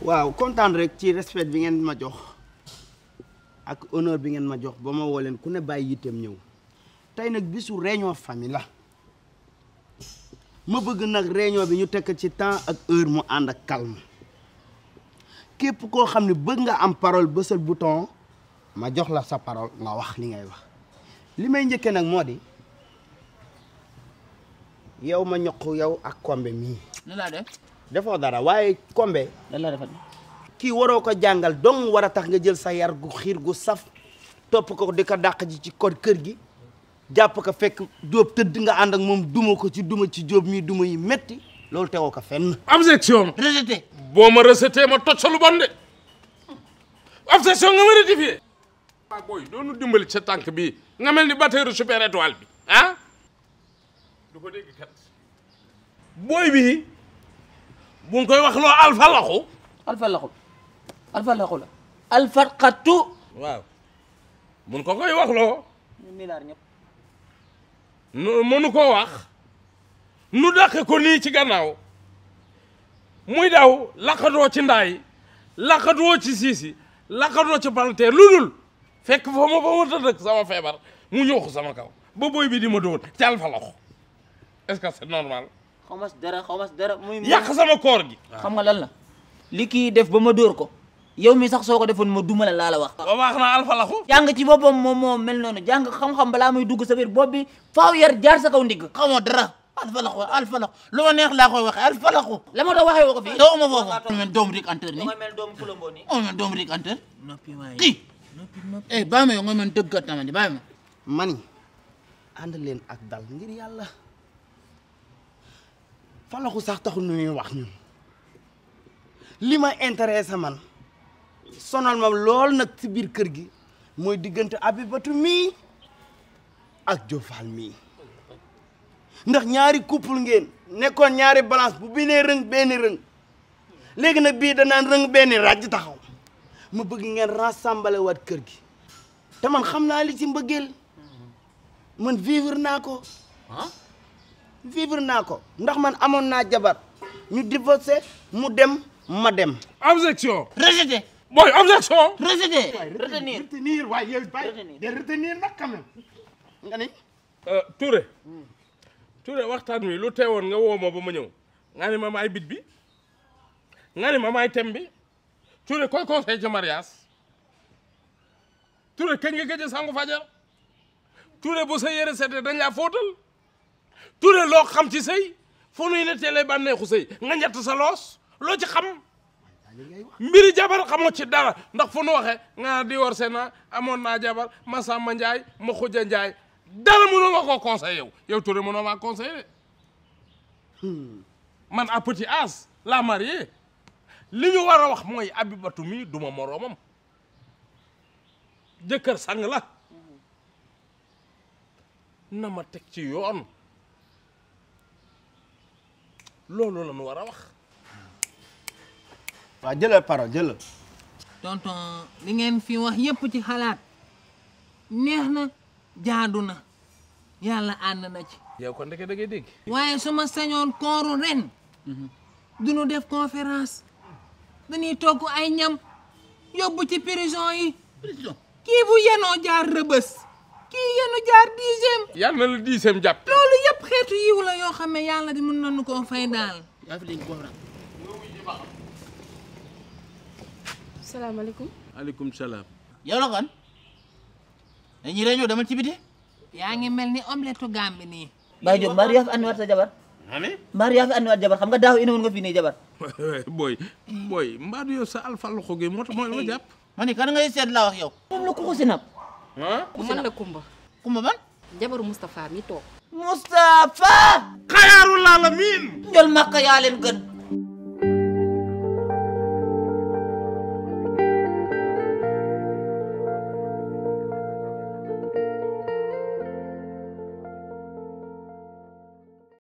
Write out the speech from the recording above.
waaw kontaan rek ci respect bi ngeen ma jox ak honneur bi ngeen ma jox ba ma woleen ku ne bàyyi yitteem ñëw tey nag bisu réunion famille la ma bëgg nag réunion bi ñu tekk ci temps ak heure mu ànd ak kalm képp koo xam ne bëgg nga am parole bu bouton ma jox la sa parole nga wax li ngay wax li may njëkkee nag moo di. yow ma ñoq yow ak kombe mii. lan laa defoo dara waaye kombe. lan laa defal. kii waroo ko jàngal dong war a tax nga jël sa yar gu xiir gu saf topp ko di ko dàq ji ci kor kër gi jàpp ko fekk jóob tëdd nga ànd ak moom duma ko ci duma ci jóob mii duma yi metti loolu tegoo ko fenn. objection. boo ma rejeté ma toj sa lu bon de. objection nga ma rectifié. waaw booy doonu dimbali sa tànk bi nga mel ni batteeru super étoile bi ah? du ko dégg kat. booy bii bu ngi koy wax loo alfa laxu. alfa laxu alfa laxu la. alfa xattu. waaw mun ko koy wax loo. ñu milaar ñëpp. nu mënu koo wax. nu dàq ko nii ci gannaaw. muy daw laqadoo ci ndaay laqadoo ci siisi laqadoo ci palanteer lu dul fekk fa ma fa ma tëdd sama feebar mu ñëw ko sama kaw ba booy bi di ma dóor ci alfa est-ce que c'est normal. xaw ma si dara xaw ma si dara. muy yàq koor gi. xam nga lan la. li kii def ba ma dóor ko. yow mi sax soo ko defoon ma du la laa la wax. waaw wax na ci boppam moom moo mel noonu jàng xam-xam balaa muy dugg sa biir bopp bi faaw yar jaar sa kaw ndigg. xamoo dara alfa laxu alfa laxu lu ma neex laa koy waxee alfa laxu. la ma doon waxee woo ko fii. doo ma foofu. mu mel doomu Rick Hunter nii. nga mel doomu Colombo nii. mu mel doomu Rick Hunter. noppi waay kii. noppi noppi eh ma yow nga mel dëggat na ma ni bàyyi ma. mani ànd leen ak dal ngir yàlla. falaxu sax taxul nu ñuy wax ñun li ma intéressé man sonal ma lool nag ci biir kër gi mooy diggante Abibatu mii ak Jofal mii ndax ñaari couple ngeen nekkoon ñaari balance bu bi nee rëng benn rëng léegi nag bii danaan rëng benn ràjj taxaw ma bëgg ngeen rassembler waat kër gi te man xam naa li ci mbëggeel man vivre naa ko ah? vivre naa ko ndax man amoon naa jabar ñu divorcé mu dem ma dem. objection. rejeté. mooy objection. rejeté retenir retenir waaye yow bàyyi de retenir nag euh, waxtaan wi lu teewoon nga woo ba ma ñëw nga ne ma maay bit bi nga ne ma maay thème bi Touré koy conseil ci mariage Touré kañ nga gëj a sangu fajar Touré bu sa yére seetee dañ laa fóotal. Touré loo xam ci sëy foo nuy nettee lay bànneexu sëy nga ñett sa loos loo ci xam mbiri jabar xamoo ci dara ndax fo nu waxee nga di se naa amoon naa jabar Masamba Ndiaye ma xuja Ndiaye dara mënoo ma koo conseillé yow yow Touré mënoo maa conseillé man à petit la mariée li ñu war a wax mooy Abibatu mi duma moroomam jëkkër sang la na ma teg ci yoon loolu la ñu war a wax. waaw jëlal parole jëlal. tonton li ngeen fi wax yépp ci xalaat neex na jaadu na yàlla ànd na ci. yow kon da ngay dégg. waaye su ma sañoon kooru ren. du ñu def conférence. dañuy togg ay ñam yóbbu ci prison yi. prison kii bu yenoo jaar rëbës. kii yenu jaar dixième. yàlla na la dixième jàpp. xeetu yiw la yoo xam ne yàlla di mën nañu koo fay daal. yaa fi léegi góor salaamaaleykum. maaleykum salaam. yow la kon. dama réñoo demal ci biti. yaa ngi mel ni omeletu tu nii. Baye Diop mbaaru yaa fi andiwaat sa jabar. amiin mbaaru yaa fi andiwaat jabar xam nga daaw indi woon nga fi nii jabar. booy booy mbaaru yow sa alfa loxo gi moo moo la jàpp. ma ni mi toog. Moustapha. xayaarul alamin. njol makka yaa leen gën.